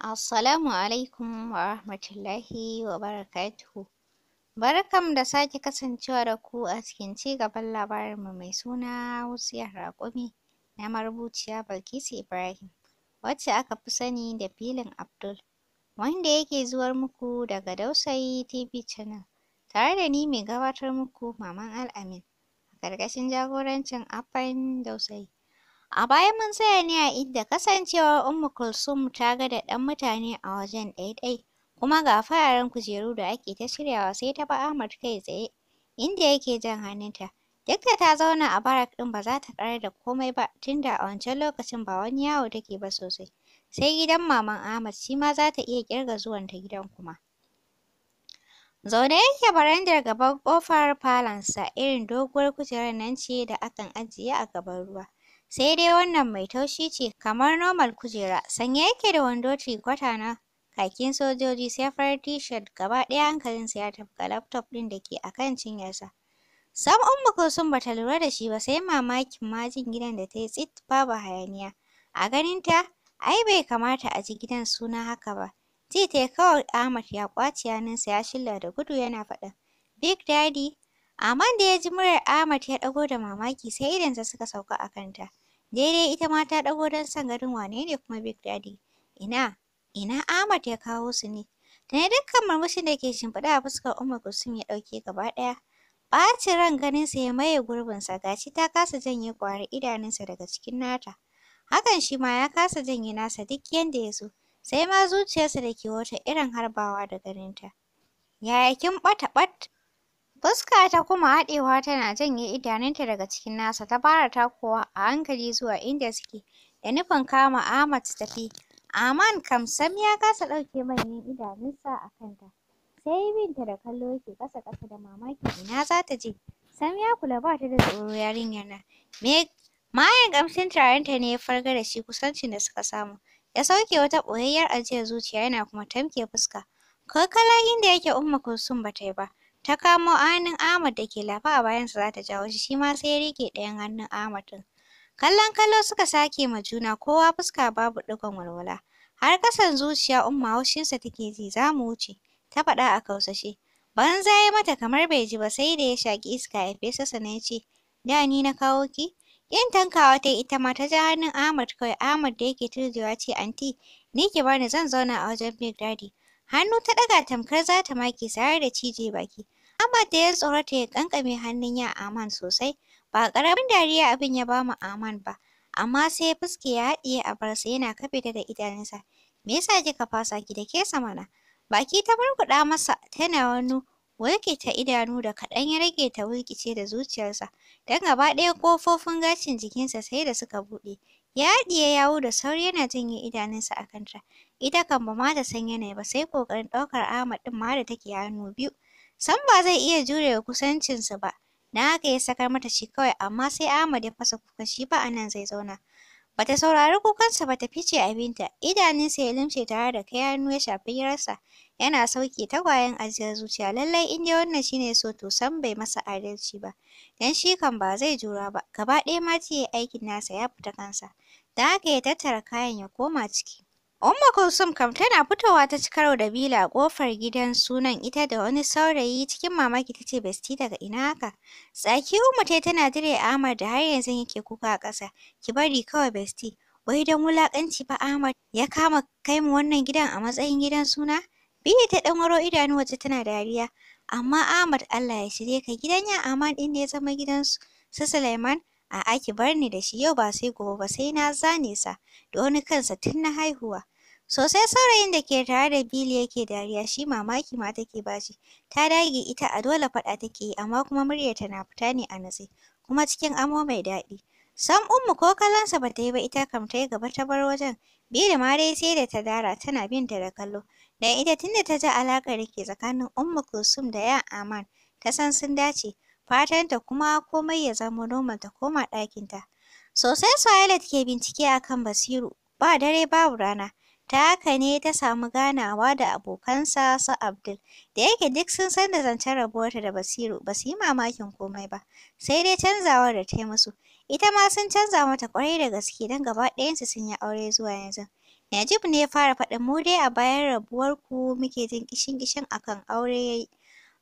Assalamu alaikum wa rahmatullahi wa barakatuhu. Barkam da sake kasancewa da ku a cikin ci gaban labarinmu mai suna Wutsiyar Raƙumi na marubuciya Balkisu Ibrahim, wacce aka fi sani da filin Abdul, wanda yake zuwar muku daga Dausayi TV Channel, tare da ni mai gabatar muku Maman Al'amin, a ƙarƙashin jagorancin Afan Dausayi. A baya mun tsaya ne a inda kasancewar Ummu Kulsum ta ga da ɗan mutane a wajen ɗaiɗai, kuma ga fararen kujeru da ake ta shiryawa sai ta bi Ahmad kai tsaye, inda yake jan hannunta. Duk da ta zauna a barak ɗin ba za ta ƙarar da komai ba, tunda a wancan lokacin ba wani yawo take ba sosai. Sai gidan maman Ahmad shi ma za ta iya ƙirga ta gidan kuma. Zaune yake barandar gaban ƙofar falansa, irin doguwar kujerar nan ce da akan ajiye a gaban ruwa. sai dai wannan mai taushi ce kamar normal kujera sanye yake da wando trikwata na kakin sojoji sai farar t gaba ɗaya hankalinsa ya tafi ga laptop ɗin da ke akan cinyarsa sam umma sun bata lura da shi ba sai mamakin majin gidan da ta yi tsit babu hayaniya a ganinta ai bai kamata a ji gidan suna haka ba Ji yi kawai Ahmad ya ƙwace hannunsa ya shilla da gudu yana faɗa Big Daddy. amma da ya ji murar Ahmad ya ɗago da mamaki sai idonsa suka sauka a kanta. Daidai ita ma ta ɗago don san garin wane ne kuma Big Daddy. Ina, ina Ahmad ya kawo su ne. Da ne dukkan murmushin da ke shimfiɗa a fuskar Umar Kulsum ya ɗauke gaba ɗaya. Ɓacin ran ganinsa ya maye gurbinsa gashi ta kasa janye ƙwari idanunsa daga cikin nata. Hakan shi ma ya kasa janye nasa duk yanda ya so. Sai ma zuciyarsa da ke wata irin harbawa da ganinta. Yaya kin ɓata ɓat? Fuska ta kuma haɗewa tana janye idanunta daga cikin nasa ta fara takowa a hankali zuwa inda suke da nufin kama Ahmad su tafi. Aman kam sam ya kasa ɗauke manyan idanunsa a kanta. Sai binta da kallo yake ƙasa-ƙasa da mamaki ina za ta je. Sam ya kula ba ta da tsoro yarinyar nan. Me mayen ƙamshin turarenta ne ya farga da shi kusancin da suka samu. Ya sauke wata ɓoyayyar ajiyar zuciya yana kuma tamke fuska. Ko kala inda yake Umma Kulsum ba ta yi ba. Ta kamo hannun Ahmad da ke lafa a bayansa za ta jawo shi, shi ma sai ya rike ɗayan hannun Ahmad ɗin. Kallon kallo suka sake ma juna kowa fuska babu ɗigon walwala. Har ƙasan zuciya Umma haushinsa take ji za mu wuce, ta faɗa a kausashe. Banza ya mata kamar bai ji ba sai da ya shaƙi iska ya fesa na ya ce, da ni na kawo ki? Yin tankawa ta ita ma ta ja hannun Ahmad kawai Ahmad da yake turjewa ce anti ni ki bani zan zauna a wajen Big Daddy. Hannu ta ɗaga tamkar za ta make sayar da cije baki. Ahmad da ya tsorata ya kankame hannun ya Aman sosai. Ba ƙaramin dariya abin ya ba mu Aman ba. Amma sai ya fuske ya haɗiye a barsa yana kafe ta da idanunsa. Me yasa kika fasa ki da sama mana? Baki ta murkuɗa masa tana wani ta idanu da kaɗan ya rage ta wulkice da zuciyarsa. Don gaba ɗaya ƙofofin gashin jikinsa sai da suka buɗe. Ya haɗiye yawo da sauri yana janye idanunsa a kanta. Ita kan ba ma ta san yanayi ba sai kokarin ɗaukar Ahmad ɗin ma da take hannu biyu. san ba zai iya jure wa kusancinsu ba. Na haka ya sakar mata shi kawai amma sai Ahmad ya fasa kuka shi ba anan zai zauna. Bata saurari kukansa ba ta fice abinta. Idanunsa ya lumce tare da kai hannu ya shafi yarsa, Yana sauke tagwayen ajiyar zuciya. Lallai in dai wannan shine so to sam bai masa adalci ba. Dan shi kan ba zai jura ba. Gaba ɗaya ma ce aikin nasa ya fita kansa. Da haka ya tattara kayan ya koma ciki. Umma Kulsum kam tana fitowa ta cikar da Bila a ƙofar gidan sunan ita da wani saurayi cikin mamaki tace ce besti daga ina haka. Tsaki Umma tai tana dire Ahmad da har yanzu yake kuka a ƙasa. Ki bari kawai besti. Wai don wulakanci ba Ahmad ya kama kai mu wannan gidan a matsayin gidan suna? Bila ta dan waro idanu waje tana dariya. Amma Ahmad Allah ya shirye ka gidan ya Ahmad din ne ya zama gidan su Suleiman. A'a ki bar ni da shi yau ba sai gobe ba sai na zane sa da wani kansa tun na haihuwa. Sosai saurayin da ke tare da Billy yake dariya shi mamaki ma take bashi. Ta dage ita a dole faɗa take yi amma kuma muryarta na fita ne a natse kuma cikin amo mai daɗi. Sam Ummu ko kallonsa ba ta yi ba ita kam ta yi gaba ta bar wajen. Billy ma dai sai da ta dara tana bin ta da kallo. Dan ita tunda ta ji alaƙar da ke tsakanin Ummu Kulsum da 'yan Aman ta san sun dace. fatanta kuma komai ya zama normal ta koma ɗakin ɗakinta. Sosai Violet ke bincike akan Basiru, ba dare babu rana. Ta haka ne ta samu ganawa da abokansa su Abdul, da yake duk sun san da zancen rabuwarta da Basiru, ba su yi mamakin komai ba, sai dai canzawa da ta yi musu. Ita ma sun canza mata ƙwarai da gaske don gaba ɗayan ɗayansu sun yi aure zuwa yanzu. Najib ne ya fara faɗin mu dai a bayan rabuwarku muke jin kishin kishin akan aure ya yi.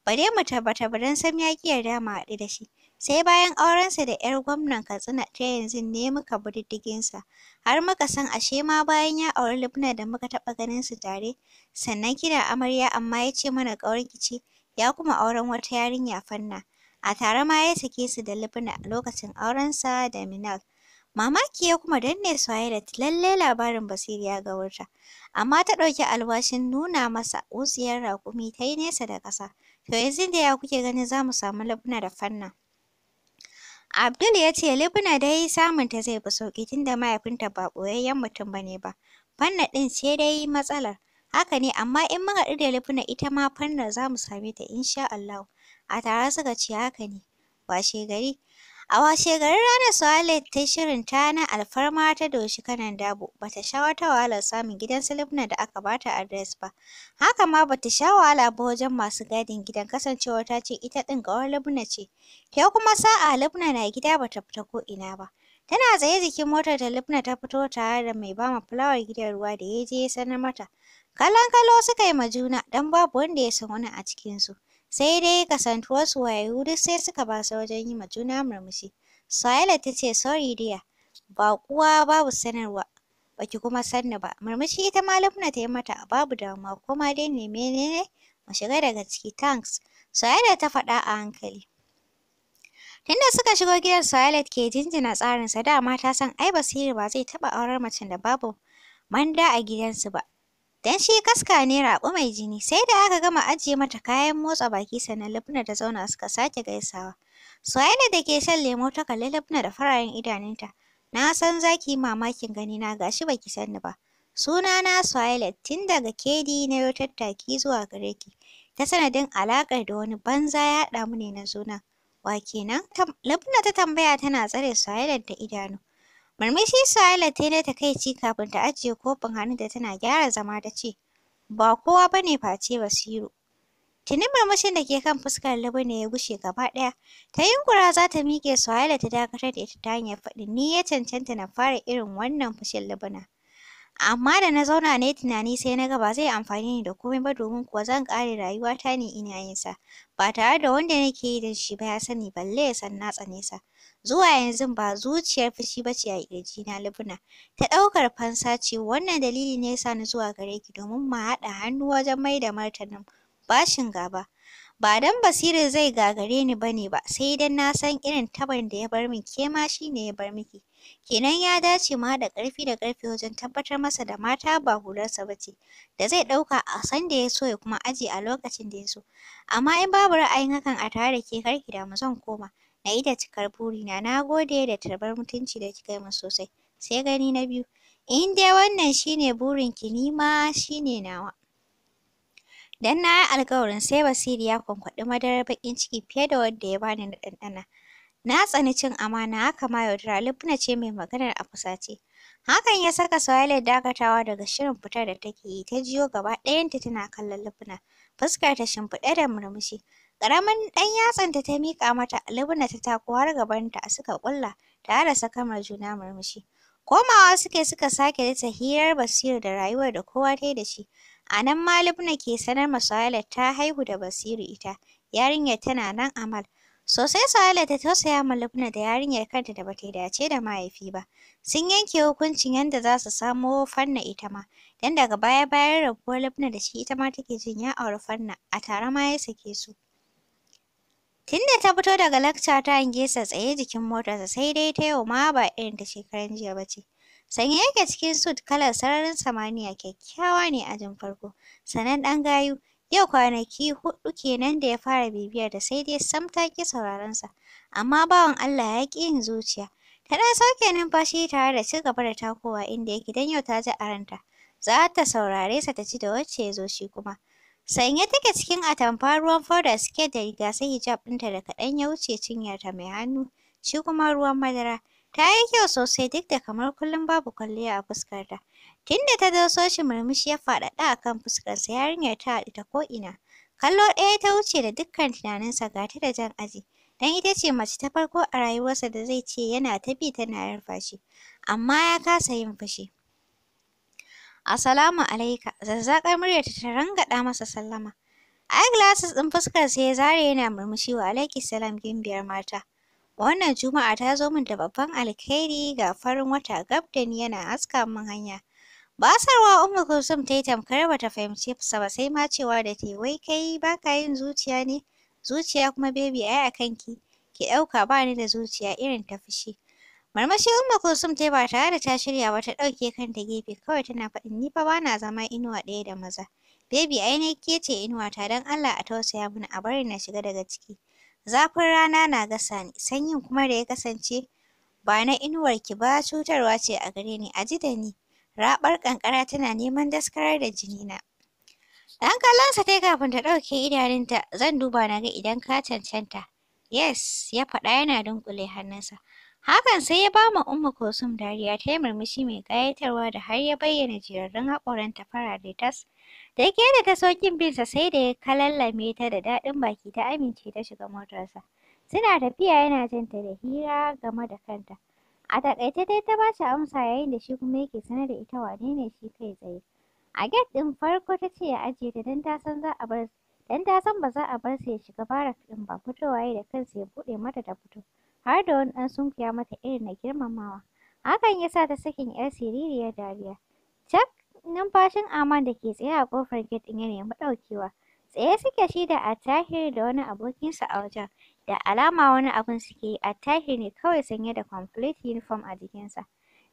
Bare mu tabbata ba don sam ya ki yarda mu haɗu da shi. Sai bayan aurensa da 'yar gwamnan Katsina ta yanzu ne muka buddigin sa har muka san ashe ma bayan ya auri Lubna da muka taɓa ganin su tare, sannan kina amarya amma ya ce mana ƙawarki ce, ya kuma auren wata yarinya Fanna. A tare ma ya sake su da Lubna a lokacin sa da Minal. Mamaki ya kuma danne da lallai labarin Basiru ya gawurta, amma ta ɗauki alwashin nuna masa wutsiyar rakumi ta yi nesa da ƙasa. To yanzu da ya kuke ganin za mu samu labuna da fanna? Abdul ya ce libna dai samunta zai fi sauƙi tunda mahaifinta ba ɓoyayyen mutum ba ne ba. Fanna ɗin ce dai matsalar. Haka ne amma in muka haɗu da libna ita ma fannar za mu same ta insha Allah. A tare suka ce haka ne. Washe gari A washe garin ranar Suwaila ta shirin ta na alfarma ta doshi kanan dabo, bata sha wata wahalar samun gidan su Lubna da aka bata adres ba. Haka ma bata sha wahala ba wajen masu gadin gidan kasancewar ta ce ita ɗin ƙawar Lubna ce. Ke kuma sa'a Lubna na gida bata fita ko ina ba. Tana tsaye jikin motar da Lubna ta fito tare da mai bama fulawar gidan ruwa da ya je ya sanar mata. kallon kalo suka yi ma juna don babu wanda ya san wani a cikinsu. sai dai kasantuwarsu wayayyu duk sai suka basu wajen yi ma juna murmushi. Suhaila ta ce sorry dia, ba kuwa babu sanarwa, baki kuma sanna ba. Murmushi ita ma Lubna ta yi mata babu damuwa kuma dai ne menene mu shiga daga ciki thanks. Suhaila ta faɗa a hankali. Tunda suka shigo gidan Suhaila ke jinjina tsarin tsarinsa dama ta san ai Basiru ba zai taɓa aurar macen da babu manda a gidansu ba. dan shi kaska ne raɓu mai jini, sai da aka gama ajiye mata kayan motsa baki sannan Lubna da zauna suka sake gaisawa. Suhaila da ke shan lemo ta kalli Lubna da fararen idanunta. Na san zaki mamakin gani na ganina gashi baki ki san ni ba. na Suhaila tun daga kedi na yau tattaki zuwa gare ki. Ta sanadin alaƙar da wani banza ya haɗa mu ne na zuna. Wa kenan? Lubna ta tambaya tana tsare Suhailar da idanu. Murmushi Suhaila ta yi na takaici kafin ta ajiye kofin da tana gyara zama ta ce, ba kowa ba ne face Basiru. Tuni murmushin da ke kan fuskar Labu ne ya gushe gaba ɗaya. Ta yi yunkura za ta miƙe Suhaila ta dakatar da ita ta hanyar faɗin ni ya cancanta na fara irin wannan fushin Labuna. Amma da na zauna na yi tunani sai na ga ba zai amfani ni da komai ba domin kuwa zan ƙare rayuwata ne ina yin sa. Ba tare da wanda nake yi da shi ba ya sani balle ya san na tsane sa. Zuwa yanzu ba zuciyar fushi ba ce a ƙirji na Lubna. Ta ɗaukar fansa ce wannan dalili ne ya ni zuwa gare ki domin mu haɗa hannu wajen mai da martanin bashin gaba. ba dan basirin zai gagare ni bane ba sai dan na san irin taban da ya bar min ke ma ne ya bar miki Kenan ya dace ma da ƙarfi da ƙarfe wajen tabbatar masa da mata ba hularsa ba ce, da zai ɗauka a sanda ya so ya kuma aje a lokacin da ya so. Amma in babu ra'ayin hakan a tare da ke kar ki damu zan koma, na yi da cikar burina, na gode da tarbar mutunci da kika yi min sosai. Sai gani na biyu, in dai wannan shi ne burinki ni ma shi ne nawa. Dan na yi alƙawarin sai Basiru ya kwankwaɗi madarar baƙin ciki fiye da wadda ya bani na ɗanɗana. Na tsani cin amana haka ma yaudara Lubna ce mai maganar a fusace. Hakan ya saka Suwailat dakatawa daga shirin fitar da take yi ta jiyo gaba ɗayanta tana kallon Fuskar ta shimfiɗe da murmushi. Ƙaramin ɗan yatsanta ta miƙa mata Lubna ta ko har gabanta suka ƙulla tare da sakamar juna murmushi. Komawa suke suka sake litsa hirar Basiru da rayuwar da kowa ta yi da shi. A nan ma Lubna ke sanar ma Suwailat ta haihu da Basiru ita. Yarinyar tana nan Amal. Sosai sa'ala ta tausaya ma Lubna da yarinyar kanta da bata dace da mahaifi ba. Sun yanke hukuncin yadda za su samo Fanna ita ma, don daga baya bayan rabuwar Lubna da shi ita ma take jin ya auri Fanna, a tare ma ya sake su. Tunda ta fito daga lakca ta hange sa tsaye jikin motarsa sai dai ta yau ma ba irin ta shekaran jiya ba ce. Sanye yake cikin sut kalar sararin samaniya kyakkyawa ne a jin farko, sanan ɗan gayu. Yau kwanaki huɗu kenan da ya fara bibiyar da sai dai sam ta ƙi sauraron sa. Amma bawan Allah ya ƙi yin zuciya. Ta ɗan sauke numfashi tare da ci gaba da takowa inda yake don yau ta ji a ranta. Za ta saurare sa ta ji da wacce ya zo shi kuma. Sanye take cikin atamfa ruwan foda suke da riga sai hijab ɗinta da kaɗan ya wuce cinyarta mai hannu, shi kuma ruwan madara. Ta yi kyau sosai duk da kamar kullum babu kwalliya a fuskarta. Tunda ta doso shi murmushi ya faɗaɗa a kan fuskarsa yarinyar ta haɗu ta ko'ina. Kallo ɗaya ta wuce da dukkan tunaninsa ga ta da jan aji. Don ita ce mace ta farko a rayuwarsa da zai ce yana ta bi tana yarfa shi. Amma ya kasa yin fushi. Assalamu alaika. Zazzaƙar muryarta ta rangaɗa masa sallama. Eyeglasses ɗin fuskarsa ya zare yana murmushi wa alaiki salam gimbiyar mata. Wannan juma'a ta zo min da babban alkhairi ga farin wata gab da ni yana haska min hanya. Basarwa umar Kulsum ta yi tamkar ba ta fahimci sa ba sai ma cewa da ta wai kai ba ka yin zuciya ne, zuciya kuma bebi ai a kanki, ki ɗauka ba ni da zuciya irin ta fushi. Marmashi Umma Kulsum ta yi ba tare da ta shirya ba ta ɗauke kan kanta gefe kawai tana faɗin ni fa ba na zama inuwa ɗaya da maza. bebi ai ne ke ce inuwa ta don Allah a tausaya mini a bari na shiga daga ciki. Zafin rana na gasa ni, sanyin kuma da ya kasance ba na inuwar ki ba cutarwa ce a gare ni, a ji da ni. raɓar ƙanƙara tana neman daskarar da jini jinina. Ɗan kallonsa dai kafin ta ɗauke idanunta, zan duba na ga idan ka cancanta. Yes, ya faɗa yana dunƙule hannunsa. Hakan sai ya ba mu Umma Kosum dariya ta yi murmushi mai gayatarwa da har ya bayyana ta fara farare tas. Da yake da ta sokin binsa sai da ya kalallame ta da daɗin baki ta amince ta shiga motarsa. Suna tafiya yana janta da hira game da kanta. A taƙaice dai ta ba amsa yayin da shi kuma yake sanar da ita wane ne shi kai tsaye. A gate ɗin farko ta ce ya ajiye ta don ta san za a bar don ta san ba za a bar sa ya shiga barak ɗin ba fitowa yayi da kansa ya buɗe mata da fito har da wani ɗan sunkuya mata irin na girmamawa. Hakan ya sa ta sakin 'yar siririyar dariya. Cak numfashin Aman da ke tsaye a ƙofar gate ɗin ya nemi ɗaukewa. Tsaye suke shi da Attahir da wani abokinsa a wajen. Da alama wani abun suke yi, Attahir ne kawai sanye da complete uniform a jikinsa.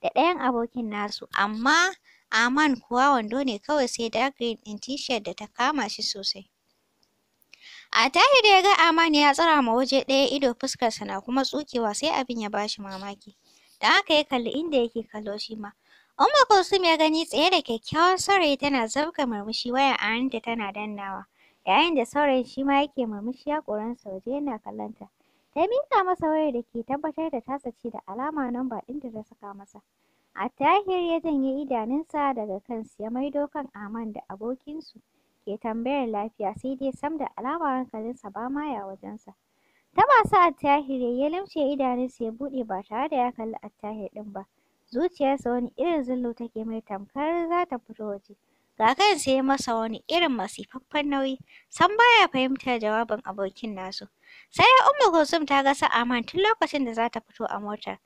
Da ɗayan abokin nasu, amma Aman kuwa wando ne kawai sai dark green ɗin t-shirt da ta kama shi sosai. Attahir ya ga Aman ya tsara ma waje ɗaya ido fuskarsa na kuma tsukewa sai abin ya bashi mamaki. Da haka ya kalli inda yake kallo shi ma. Umar, Kulsum ya gani tsaye da kyakkyawan saurayi tana zabga murmushi wayar a hannunta tana dannawa. Yayin da saurayin shi ma yake murmushi ya sa waje yana kallon ta. Ta masa wayar da ke tabbatar da tasa ce da alama namba ɗin da ta saka masa. Attahir ya janye idanunsa daga kansu ya maido kan Aman da abokinsu ke tambayar lafiya sai dai sam da alama hankalinsa ba ma ya wajensa. ta sa Attahir ya lumshe idanunsa ya buɗe ba tare da ya kalli Attahir ɗin ba. Zuciyarsa wani irin zullo take mai tamkar za ta fito waje. ga kansa ya masa wani irin masifaffen nauyi sam baya fahimtar jawabin abokin nasu sai ya umma Kulsum ta ga Aman tun lokacin da za ta fito a motar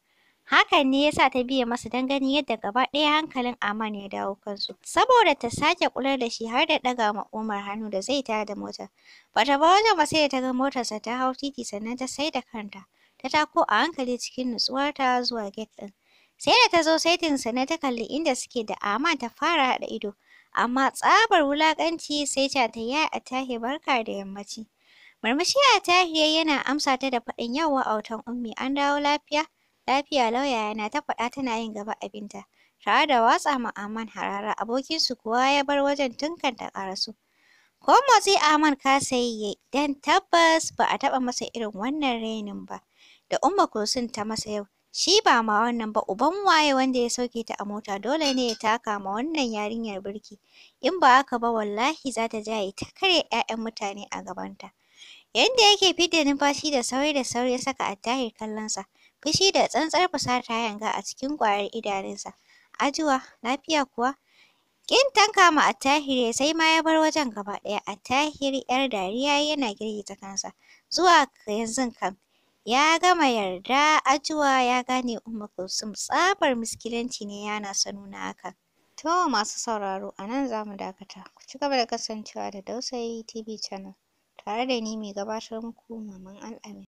Haka ne yasa ta biye masa don ganin yadda gaba ɗaya hankalin Aman ya dawo kansu saboda ta sake kular da shi har da ɗaga ma Umar hannu da zai tada da motar bata ba wajen ba sai ta ga motarsa ta hau titi sannan ta sai da kanta ta tako a hankali cikin nutsuwarta zuwa gate ɗin sai da ta zo saitinsa na ta kalli inda suke da Aman ta fara haɗa ido amma tsabar wulakanci sai a tahi barka da yammaci. Murmushi Atahi yana amsa ta da faɗin a autan ummi an dawo lafiya. Lafiya lauya yana ta faɗa tana yin gaba abinta. Tare da watsa ma Aman harara su kuwa ya bar wajen tun kan ta ƙarasu. Ko motsi Aman sayi yi dan tabbas ba a taba masa irin wannan rainin ba da Umma Kulsum ta masa yau. Shi ba ma wannan ba uban waye wanda ya sauke ta a mota dole ne ya taka ma wannan yarinyar birki. In ba haka ba wallahi za ta jaye ta karya 'ya'yan mutane a gabanta. Yanda yake fidda numfashi da sauri da sauri ya saka kallon sa, fushi da tsantsar fusata ya yanga a cikin ƙwayar idanunsa. Ajuwa, lafiya kuwa? Ƙin tanka ma Attahir sai ma ya bar wajen gaba ɗaya. Attahir 'yar dariya yana girgiza kansa. Zuwa yanzun kam ya gama yarda ajuwa ya gane Umma Kulsum tsabar miskilanci ne yana son nuna haka. To masu sauraro a nan za mu dakata. Ku ci gaba da kasancewa da Dausayi TV Channel tare da ni mai gabatar muku Maman Al'amin.